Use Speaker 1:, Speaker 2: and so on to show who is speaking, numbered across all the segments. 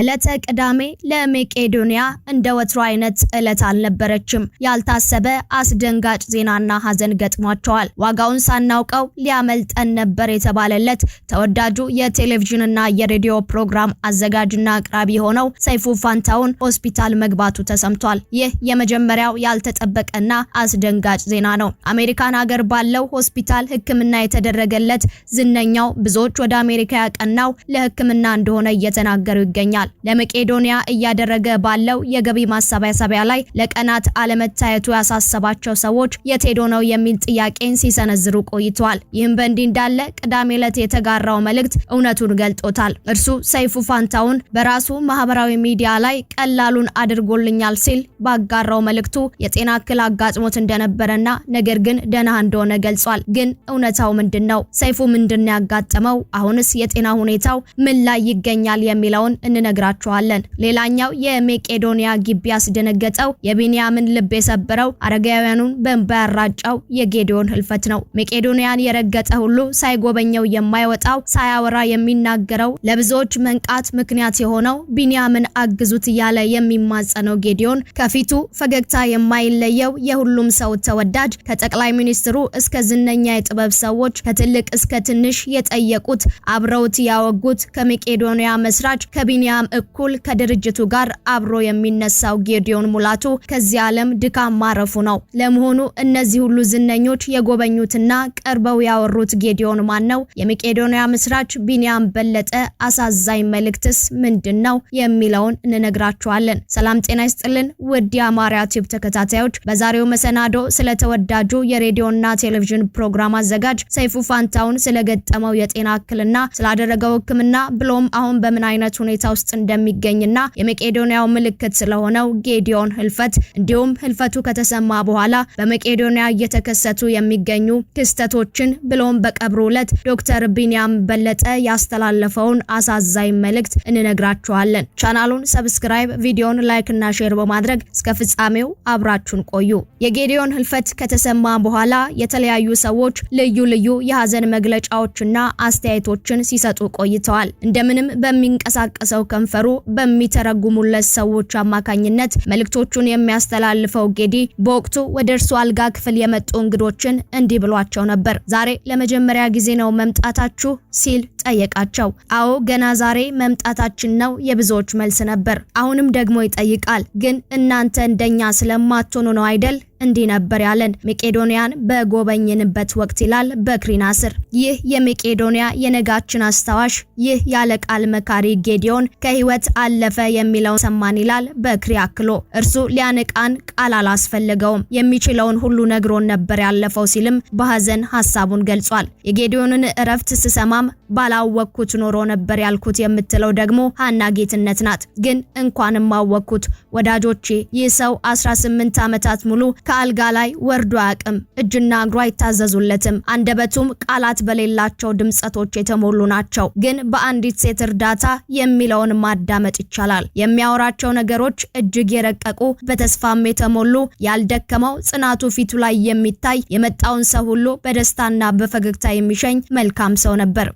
Speaker 1: ዕለተ ቅዳሜ ለመቄዶንያ እንደ ወትሮ አይነት ዕለት አልነበረችም። ያልታሰበ አስደንጋጭ ዜናና ሐዘን ገጥሟቸዋል። ዋጋውን ሳናውቀው ሊያመልጠን ነበር የተባለለት ተወዳጁ የቴሌቪዥንና የሬዲዮ ፕሮግራም አዘጋጅና አቅራቢ የሆነው ሰይፉ ፋንታውን ሆስፒታል መግባቱ ተሰምቷል። ይህ የመጀመሪያው ያልተጠበቀና አስደንጋጭ ዜና ነው። አሜሪካን ሀገር ባለው ሆስፒታል ሕክምና የተደረገለት ዝነኛው ብዙዎች ወደ አሜሪካ ያቀናው ለሕክምና እንደሆነ እየተናገሩ ይገኛል። ተናግረዋል። ለመቄዶንያ እያደረገ ባለው የገቢ ማሰባሰቢያ ላይ ለቀናት አለመታየቱ ያሳሰባቸው ሰዎች የቴዶ ነው የሚል ጥያቄን ሲሰነዝሩ ቆይተዋል። ይህም በእንዲህ እንዳለ ቅዳሜ ዕለት የተጋራው መልእክት እውነቱን ገልጦታል። እርሱ ሰይፉ ፋንታውን በራሱ ማህበራዊ ሚዲያ ላይ ቀላሉን አድርጎልኛል ሲል ባጋራው መልእክቱ የጤና እክል አጋጥሞት እንደነበረና ነገር ግን ደህና እንደሆነ ገልጿል። ግን እውነታው ምንድን ነው? ሰይፉ ምንድን ያጋጠመው? አሁንስ የጤና ሁኔታው ምን ላይ ይገኛል? የሚለውን እንነግ እንነግራችኋለን። ሌላኛው የሜቄዶንያ ግቢ ያስደነገጠው የቢንያምን ልብ የሰበረው አረጋውያኑን በእንባ ያራጫው የጌዲዮን ህልፈት ነው። ሜቄዶንያን የረገጠ ሁሉ ሳይጎበኘው የማይወጣው ሳያወራ የሚናገረው ለብዙዎች መንቃት ምክንያት የሆነው ቢንያምን አግዙት እያለ የሚማጸነው ጌዲዮን ከፊቱ ፈገግታ የማይለየው የሁሉም ሰው ተወዳጅ ከጠቅላይ ሚኒስትሩ እስከ ዝነኛ የጥበብ ሰዎች ከትልቅ እስከ ትንሽ የጠየቁት አብረውት ያወጉት ከመቄዶንያ መስራች ከቢንያም በዛም እኩል ከድርጅቱ ጋር አብሮ የሚነሳው ጌዲዮን ሙላቱ ከዚህ ዓለም ድካም ማረፉ ነው። ለመሆኑ እነዚህ ሁሉ ዝነኞች የጎበኙትና ቀርበው ያወሩት ጌዲዮን ማን ነው? የመቄዶንያ ምስራች ቢንያም በለጠ አሳዛኝ መልእክትስ ምንድን ነው የሚለውን እንነግራችኋለን። ሰላም ጤና ይስጥልን ውድ የአማርያ ቲዩብ ተከታታዮች፣ በዛሬው መሰናዶ ስለ ተወዳጁ የሬዲዮና ቴሌቪዥን ፕሮግራም አዘጋጅ ሰይፉ ፋንታውን ስለገጠመው የጤና እክልና ስላደረገው ሕክምና ብሎም አሁን በምን አይነት ሁኔታ ውስጥ እንደሚገኝና የመቄዶንያው ምልክት ስለሆነው ጌዲዮን ህልፈት እንዲሁም ህልፈቱ ከተሰማ በኋላ በመቄዶንያ እየተከሰቱ የሚገኙ ክስተቶችን ብሎም በቀብሩ ዕለት ዶክተር ቢንያም በለጠ ያስተላለፈውን አሳዛኝ መልእክት እንነግራችኋለን። ቻናሉን ሰብስክራይብ፣ ቪዲዮን ላይክ እና ሼር በማድረግ እስከ ፍጻሜው አብራችሁን ቆዩ። የጌዲዮን ህልፈት ከተሰማ በኋላ የተለያዩ ሰዎች ልዩ ልዩ የሀዘን መግለጫዎችና አስተያየቶችን ሲሰጡ ቆይተዋል። እንደምንም በሚንቀሳቀሰው ከንፈ ከንፈሩ በሚተረጉሙለት ሰዎች አማካኝነት መልእክቶቹን የሚያስተላልፈው ጌዲ በወቅቱ ወደ እርሱ አልጋ ክፍል የመጡ እንግዶችን እንዲህ ብሏቸው ነበር። ዛሬ ለመጀመሪያ ጊዜ ነው መምጣታችሁ ሲል ጠየቃቸው። አዎ ገና ዛሬ መምጣታችን ነው የብዙዎች መልስ ነበር። አሁንም ደግሞ ይጠይቃል። ግን እናንተ እንደኛ ስለማትሆኑ ነው አይደል እንዲህ ነበር ያለን። መቄዶንያን በጎበኝንበት ወቅት ይላል በክሪና ስር ይህ የመቄዶንያ የነጋችን አስታዋሽ፣ ይህ ያለ ቃል መካሪ ጌዲዮን ከህይወት አለፈ የሚለውን ሰማን ይላል በክሪ አክሎ። እርሱ ሊያነቃን ቃል አላስፈለገውም የሚችለውን ሁሉ ነግሮን ነበር ያለፈው ሲልም በሀዘን ሀሳቡን ገልጿል። የጌዲዮንን እረፍት ስሰማም ባላ ባላወቅኩት ኖሮ ነበር ያልኩት የምትለው ደግሞ ሀና ጌትነት ናት። ግን እንኳንም አወቅኩት ወዳጆቼ፣ ይህ ሰው 18 ዓመታት ሙሉ ከአልጋ ላይ ወርዶ አያውቅም። እጅና እግሩ አይታዘዙለትም። አንደበቱም ቃላት በሌላቸው ድምጸቶች የተሞሉ ናቸው። ግን በአንዲት ሴት እርዳታ የሚለውን ማዳመጥ ይቻላል። የሚያወራቸው ነገሮች እጅግ የረቀቁ፣ በተስፋም የተሞሉ ያልደከመው ጽናቱ ፊቱ ላይ የሚታይ የመጣውን ሰው ሁሉ በደስታና በፈገግታ የሚሸኝ መልካም ሰው ነበር።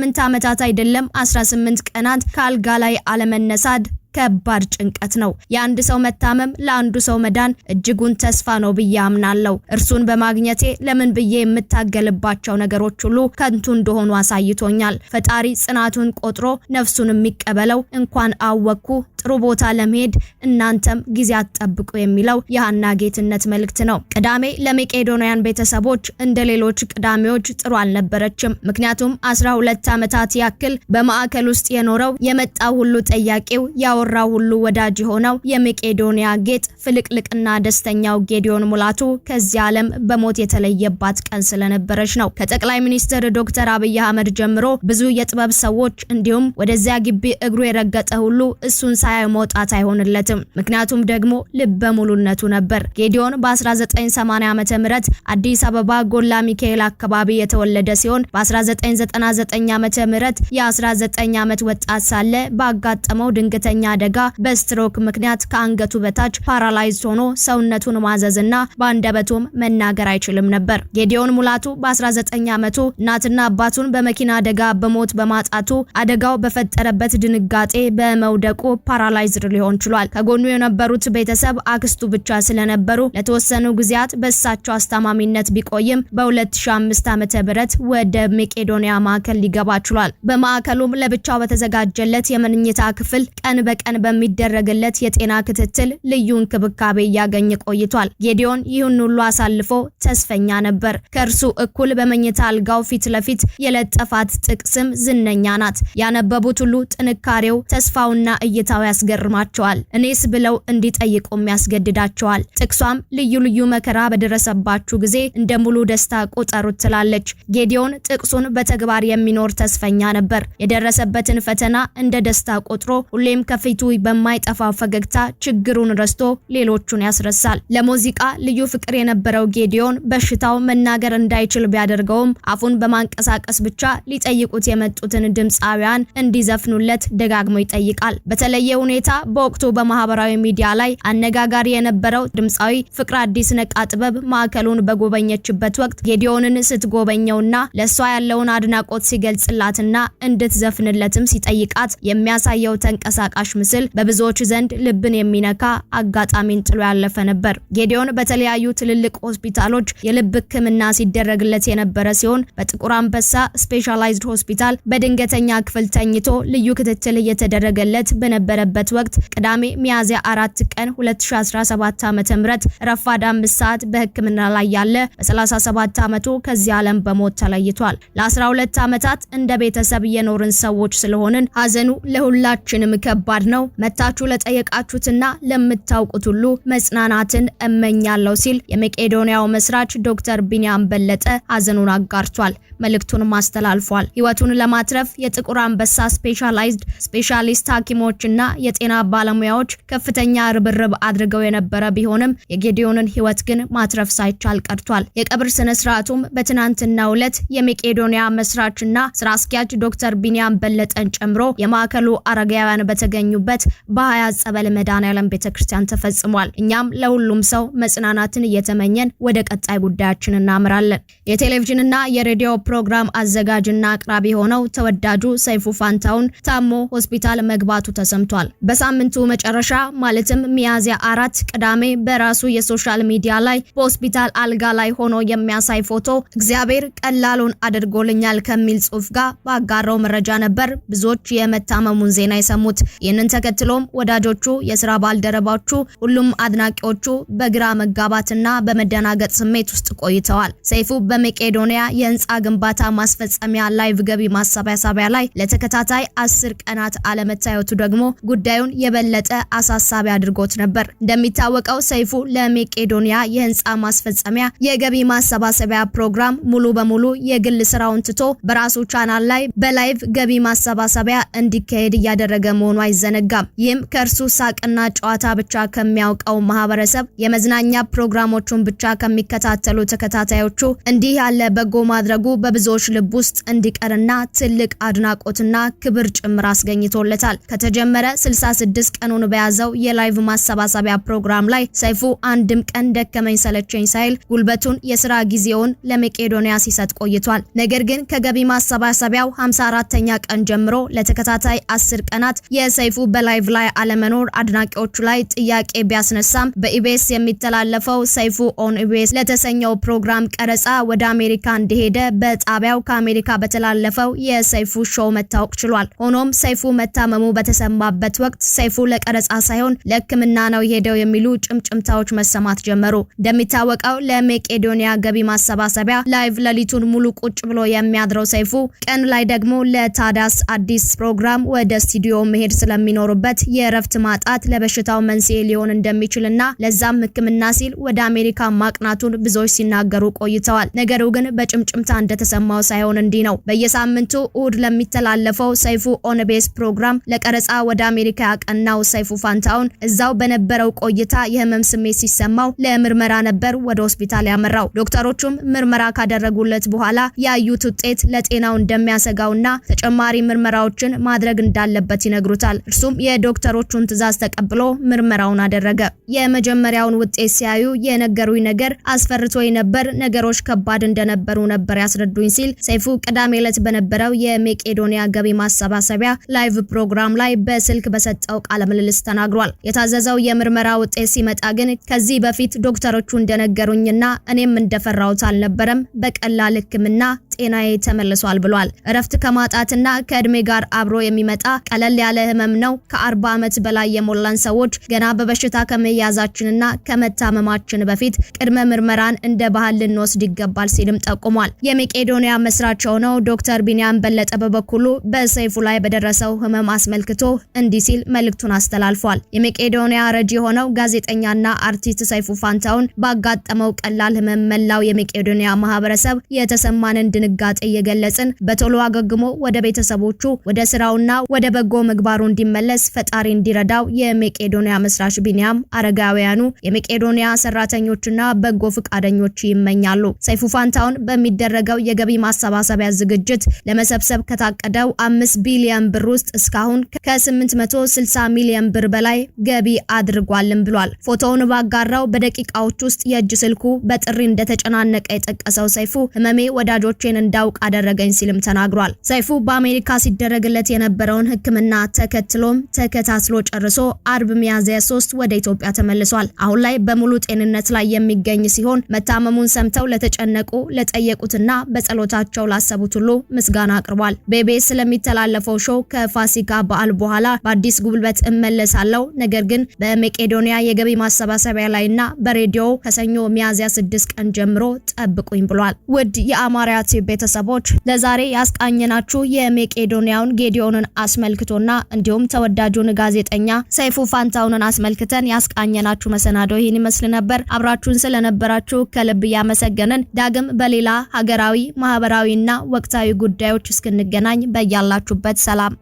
Speaker 1: ስምንት ዓመታት አይደለም 18 ቀናት ከአልጋ ላይ አለመነሳድ ከባድ ጭንቀት ነው። የአንድ ሰው መታመም ለአንዱ ሰው መዳን እጅጉን ተስፋ ነው ብዬ አምናለሁ። እርሱን በማግኘቴ ለምን ብዬ የምታገልባቸው ነገሮች ሁሉ ከንቱ እንደሆኑ አሳይቶኛል። ፈጣሪ ጽናቱን ቆጥሮ ነፍሱን የሚቀበለው እንኳን አወቅኩ ጥሩ ቦታ ለመሄድ እናንተም ጊዜ አትጠብቁ የሚለው የሀና ጌትነት መልእክት ነው። ቅዳሜ ለመቄዶንያን ቤተሰቦች እንደ ሌሎች ቅዳሜዎች ጥሩ አልነበረችም። ምክንያቱም አስራ ሁለት ዓመታት ያክል በማዕከል ውስጥ የኖረው የመጣው ሁሉ ጠያቂው ያው እንዳወራው ሁሉ ወዳጅ የሆነው የመቄዶንያ ጌጥ ፍልቅልቅና ደስተኛው ጌዲዮን ሙላቱ ከዚህ ዓለም በሞት የተለየባት ቀን ስለነበረች ነው። ከጠቅላይ ሚኒስትር ዶክተር አብይ አህመድ ጀምሮ ብዙ የጥበብ ሰዎች እንዲሁም ወደዚያ ግቢ እግሩ የረገጠ ሁሉ እሱን ሳያይ መውጣት አይሆንለትም። ምክንያቱም ደግሞ ልበ ሙሉነቱ ነበር። ጌዲዮን በ1980 ዓ ም አዲስ አበባ ጎላ ሚካኤል አካባቢ የተወለደ ሲሆን በ1999 ዓ ም የ19 ዓመት ወጣት ሳለ ባጋጠመው ድንገተኛ አደጋ በስትሮክ ምክንያት ከአንገቱ በታች ፓራላይዝድ ሆኖ ሰውነቱን ማዘዝና በአንደበቱም መናገር አይችልም ነበር። ጌዲዮን ሙላቱ በ19 ዓመቱ እናትና አባቱን በመኪና አደጋ በሞት በማጣቱ አደጋው በፈጠረበት ድንጋጤ በመውደቁ ፓራላይዝድ ሊሆን ችሏል። ከጎኑ የነበሩት ቤተሰብ አክስቱ ብቻ ስለነበሩ ለተወሰኑ ጊዜያት በእሳቸው አስተማሚነት ቢቆይም በ2005 ዓመተ ምህረት ወደ መቄዶንያ ማዕከል ሊገባ ችሏል። በማዕከሉም ለብቻው በተዘጋጀለት የመኝታ ክፍል ቀን በ በቀን በሚደረግለት የጤና ክትትል ልዩ እንክብካቤ እያገኘ ቆይቷል። ጌዲዮን ይህን ሁሉ አሳልፎ ተስፈኛ ነበር። ከእርሱ እኩል በመኝታ አልጋው ፊት ለፊት የለጠፋት ጥቅስም ዝነኛ ናት። ያነበቡት ሁሉ ጥንካሬው፣ ተስፋውና እይታው ያስገርማቸዋል። እኔስ ብለው እንዲጠይቁም ያስገድዳቸዋል። ጥቅሷም ልዩ ልዩ መከራ በደረሰባችሁ ጊዜ እንደ ሙሉ ደስታ ቁጠሩት ትላለች። ጌዲዮን ጥቅሱን በተግባር የሚኖር ተስፈኛ ነበር። የደረሰበትን ፈተና እንደ ደስታ ቆጥሮ ሁሌም ከፍ ፊቱ በማይጠፋ ፈገግታ ችግሩን ረስቶ ሌሎቹን ያስረሳል። ለሙዚቃ ልዩ ፍቅር የነበረው ጌዲዮን በሽታው መናገር እንዳይችል ቢያደርገውም አፉን በማንቀሳቀስ ብቻ ሊጠይቁት የመጡትን ድምፃውያን እንዲዘፍኑለት ደጋግሞ ይጠይቃል። በተለየ ሁኔታ በወቅቱ በማህበራዊ ሚዲያ ላይ አነጋጋሪ የነበረው ድምፃዊ ፍቅር አዲስ ነቃ ጥበብ ማዕከሉን በጎበኘችበት ወቅት ጌዲዮንን ስትጎበኘውና ለእሷ ያለውን አድናቆት ሲገልጽላትና እንድትዘፍንለትም ሲጠይቃት የሚያሳየው ተንቀሳቃሽ ምስል በብዙዎች ዘንድ ልብን የሚነካ አጋጣሚን ጥሎ ያለፈ ነበር። ጌዲዮን በተለያዩ ትልልቅ ሆስፒታሎች የልብ ሕክምና ሲደረግለት የነበረ ሲሆን በጥቁር አንበሳ ስፔሻላይዝድ ሆስፒታል በድንገተኛ ክፍል ተኝቶ ልዩ ክትትል እየተደረገለት በነበረበት ወቅት ቅዳሜ ሚያዝያ አራት ቀን 2017 ዓ.ም ረፋድ አምስት ሰዓት በሕክምና ላይ ያለ በ37 ዓመቱ ከዚህ ዓለም በሞት ተለይቷል። ለ12 ዓመታት እንደ ቤተሰብ የኖርን ሰዎች ስለሆንን ሀዘኑ ለሁላችንም ከባድ ነው። መታችሁ ለጠየቃችሁትና ለምታውቁት ሁሉ መጽናናትን እመኛለሁ ሲል የመቄዶንያው መስራች ዶክተር ቢንያም በለጠ ሀዘኑን አጋርቷል። መልእክቱንም አስተላልፏል። ህይወቱን ለማትረፍ የጥቁር አንበሳ ስፔሻላይዝድ ስፔሻሊስት ሐኪሞችና የጤና ባለሙያዎች ከፍተኛ ርብርብ አድርገው የነበረ ቢሆንም የጌዲዮንን ህይወት ግን ማትረፍ ሳይቻል ቀርቷል። የቀብር ስነ ስርዓቱም በትናንትናው ዕለት የመቄዶንያ መስራችና ስራ አስኪያጅ ዶክተር ቢንያም በለጠን ጨምሮ የማዕከሉ አረጋውያን በተገኙ በተገኙበት በሀያ ጸበል መድኃኔዓለም ቤተክርስቲያን ተፈጽሟል። እኛም ለሁሉም ሰው መጽናናትን እየተመኘን ወደ ቀጣይ ጉዳያችን እናምራለን። የቴሌቪዥንና የሬዲዮ ፕሮግራም አዘጋጅና አቅራቢ የሆነው ተወዳጁ ሰይፉ ፋንታውን ታሞ ሆስፒታል መግባቱ ተሰምቷል። በሳምንቱ መጨረሻ ማለትም ሚያዝያ አራት ቅዳሜ በራሱ የሶሻል ሚዲያ ላይ በሆስፒታል አልጋ ላይ ሆኖ የሚያሳይ ፎቶ እግዚአብሔር ቀላሉን አድርጎልኛል ከሚል ጽሑፍ ጋር ባጋራው መረጃ ነበር ብዙዎች የመታመሙን ዜና የሰሙት። ይህንን ይህን ተከትሎም ወዳጆቹ፣ የስራ ባልደረባዎቹ፣ ሁሉም አድናቂዎቹ በግራ መጋባትና በመደናገጥ ስሜት ውስጥ ቆይተዋል። ሰይፉ በመቄዶንያ የህንፃ ግንባታ ማስፈጸሚያ ላይቭ ገቢ ማሰባሰቢያ ላይ ለተከታታይ አስር ቀናት አለመታየቱ ደግሞ ጉዳዩን የበለጠ አሳሳቢ አድርጎት ነበር። እንደሚታወቀው ሰይፉ ለመቄዶንያ የህንፃ ማስፈጸሚያ የገቢ ማሰባሰቢያ ፕሮግራም ሙሉ በሙሉ የግል ስራውን ትቶ በራሱ ቻናል ላይ በላይቭ ገቢ ማሰባሰቢያ እንዲካሄድ እያደረገ መሆኑ አይዘ አይዘነጋም። ይህም ከእርሱ ሳቅና ጨዋታ ብቻ ከሚያውቀው ማህበረሰብ የመዝናኛ ፕሮግራሞቹን ብቻ ከሚከታተሉ ተከታታዮቹ እንዲህ ያለ በጎ ማድረጉ በብዙዎች ልብ ውስጥ እንዲቀርና ትልቅ አድናቆትና ክብር ጭምር አስገኝቶለታል። ከተጀመረ 66 ቀኑን በያዘው የላይቭ ማሰባሰቢያ ፕሮግራም ላይ ሰይፉ አንድም ቀን ደከመኝ ሰለቸኝ ሳይል ጉልበቱን፣ የስራ ጊዜውን ለመቄዶንያ ሲሰጥ ቆይቷል። ነገር ግን ከገቢ ማሰባሰቢያው 54ኛ ቀን ጀምሮ ለተከታታይ 10 ቀናት የሰይፉ በላይቭ ላይ አለመኖር አድናቂዎቹ ላይ ጥያቄ ቢያስነሳም በኢቢኤስ የሚተላለፈው ሰይፉ ኦን ኢቢኤስ ለተሰኘው ፕሮግራም ቀረጻ ወደ አሜሪካ እንደሄደ በጣቢያው ከአሜሪካ በተላለፈው የሰይፉ ሾው መታወቅ ችሏል። ሆኖም ሰይፉ መታመሙ በተሰማበት ወቅት ሰይፉ ለቀረጻ ሳይሆን ለሕክምና ነው የሄደው የሚሉ ጭምጭምታዎች መሰማት ጀመሩ። እንደሚታወቀው ለሜቄዶኒያ ገቢ ማሰባሰቢያ ላይቭ ሌሊቱን ሙሉ ቁጭ ብሎ የሚያድረው ሰይፉ ቀን ላይ ደግሞ ለታዳስ አዲስ ፕሮግራም ወደ ስቱዲዮ መሄድ ስለሚ ስለሚኖሩበት የእረፍት ማጣት ለበሽታው መንስኤ ሊሆን እንደሚችልና ለዛም ሕክምና ሲል ወደ አሜሪካ ማቅናቱን ብዙዎች ሲናገሩ ቆይተዋል። ነገሩ ግን በጭምጭምታ እንደተሰማው ሳይሆን እንዲህ ነው። በየሳምንቱ እሁድ ለሚተላለፈው ሰይፉ ኦንቤስ ፕሮግራም ለቀረጻ ወደ አሜሪካ ያቀናው ሰይፉ ፋንታውን እዛው በነበረው ቆይታ የህመም ስሜት ሲሰማው ለምርመራ ነበር ወደ ሆስፒታል ያመራው። ዶክተሮቹም ምርመራ ካደረጉለት በኋላ ያዩት ውጤት ለጤናው እንደሚያሰጋውና ተጨማሪ ምርመራዎችን ማድረግ እንዳለበት ይነግሩታል። እሱም የዶክተሮቹን ትዕዛዝ ተቀብሎ ምርመራውን አደረገ። የመጀመሪያውን ውጤት ሲያዩ የነገሩኝ ነገር አስፈርቶኝ ነበር፣ ነገሮች ከባድ እንደነበሩ ነበር ያስረዱኝ ሲል ሰይፉ ቅዳሜ ዕለት በነበረው የሜቄዶኒያ ገቢ ማሰባሰቢያ ላይቭ ፕሮግራም ላይ በስልክ በሰጠው ቃለ ምልልስ ተናግሯል። የታዘዘው የምርመራ ውጤት ሲመጣ ግን ከዚህ በፊት ዶክተሮቹ እንደነገሩኝና እኔም እንደፈራሁት አልነበረም በቀላል ሕክምና ጤናዬ ተመልሷል ብሏል። እረፍት ከማጣትና ከእድሜ ጋር አብሮ የሚመጣ ቀለል ያለ ህመም ነው። ከአርባ ዓመት በላይ የሞላን ሰዎች ገና በበሽታ ከመያዛችንና ከመታመማችን በፊት ቅድመ ምርመራን እንደ ባህል ልንወስድ ይገባል ሲልም ጠቁሟል። የመቄዶንያ መስራች የሆነው ዶክተር ቢንያም በለጠ በበኩሉ በሰይፉ ላይ በደረሰው ህመም አስመልክቶ እንዲህ ሲል መልእክቱን አስተላልፏል። የመቄዶንያ ረጅ የሆነው ጋዜጠኛና አርቲስት ሰይፉ ፋንታውን ባጋጠመው ቀላል ህመም መላው የመቄዶንያ ማህበረሰብ የተሰማንን ድንጋ በድንጋጤ እየገለጽን በቶሎ አገግሞ ወደ ቤተሰቦቹ ወደ ስራውና ወደ በጎ ምግባሩ እንዲመለስ ፈጣሪ እንዲረዳው የመቄዶንያ መስራች ቢኒያም አረጋውያኑ የመቄዶንያ ሰራተኞችና በጎ ፈቃደኞች ይመኛሉ። ሰይፉ ፋንታውን በሚደረገው የገቢ ማሰባሰቢያ ዝግጅት ለመሰብሰብ ከታቀደው አምስት ቢሊዮን ብር ውስጥ እስካሁን ከ860 ሚሊዮን ብር በላይ ገቢ አድርጓልም ብሏል። ፎቶውን ባጋራው በደቂቃዎች ውስጥ የእጅ ስልኩ በጥሪ እንደተጨናነቀ የጠቀሰው ሰይፉ ህመሜ ወዳጆቼን እንዳውቅ አደረገኝ ሲልም ተናግሯል። ሰይፉ በአሜሪካ ሲደረግለት የነበረውን ሕክምና ተከትሎም ተከታትሎ ጨርሶ አርብ ሚያዝያ 3 ወደ ኢትዮጵያ ተመልሷል። አሁን ላይ በሙሉ ጤንነት ላይ የሚገኝ ሲሆን መታመሙን ሰምተው ለተጨነቁ ለጠየቁትና በጸሎታቸው ላሰቡት ሁሉ ምስጋና አቅርቧል። በኢቢኤስ ስለሚተላለፈው ሾው ከፋሲካ በዓል በኋላ በአዲስ ጉልበት እመለሳለሁ፣ ነገር ግን በመቄዶንያ የገቢ ማሰባሰቢያ ላይና በሬዲዮ ከሰኞ ሚያዝያ 6 ቀን ጀምሮ ጠብቁኝ ብሏል። ውድ የአማርያ ቤተሰቦች ለዛሬ ያስቃኘናችሁ የሜቄዶንያውን ጌዲዮንን አስመልክቶና እንዲሁም ተወዳጁን ጋዜጠኛ ሰይፉ ፋንታውንን አስመልክተን ያስቃኘናችሁ መሰናዶ ይህን ይመስል ነበር። አብራችሁን ስለነበራችሁ ከልብ እያመሰገንን ዳግም በሌላ ሀገራዊ ማህበራዊና ወቅታዊ ጉዳዮች እስክንገናኝ በያላችሁበት ሰላም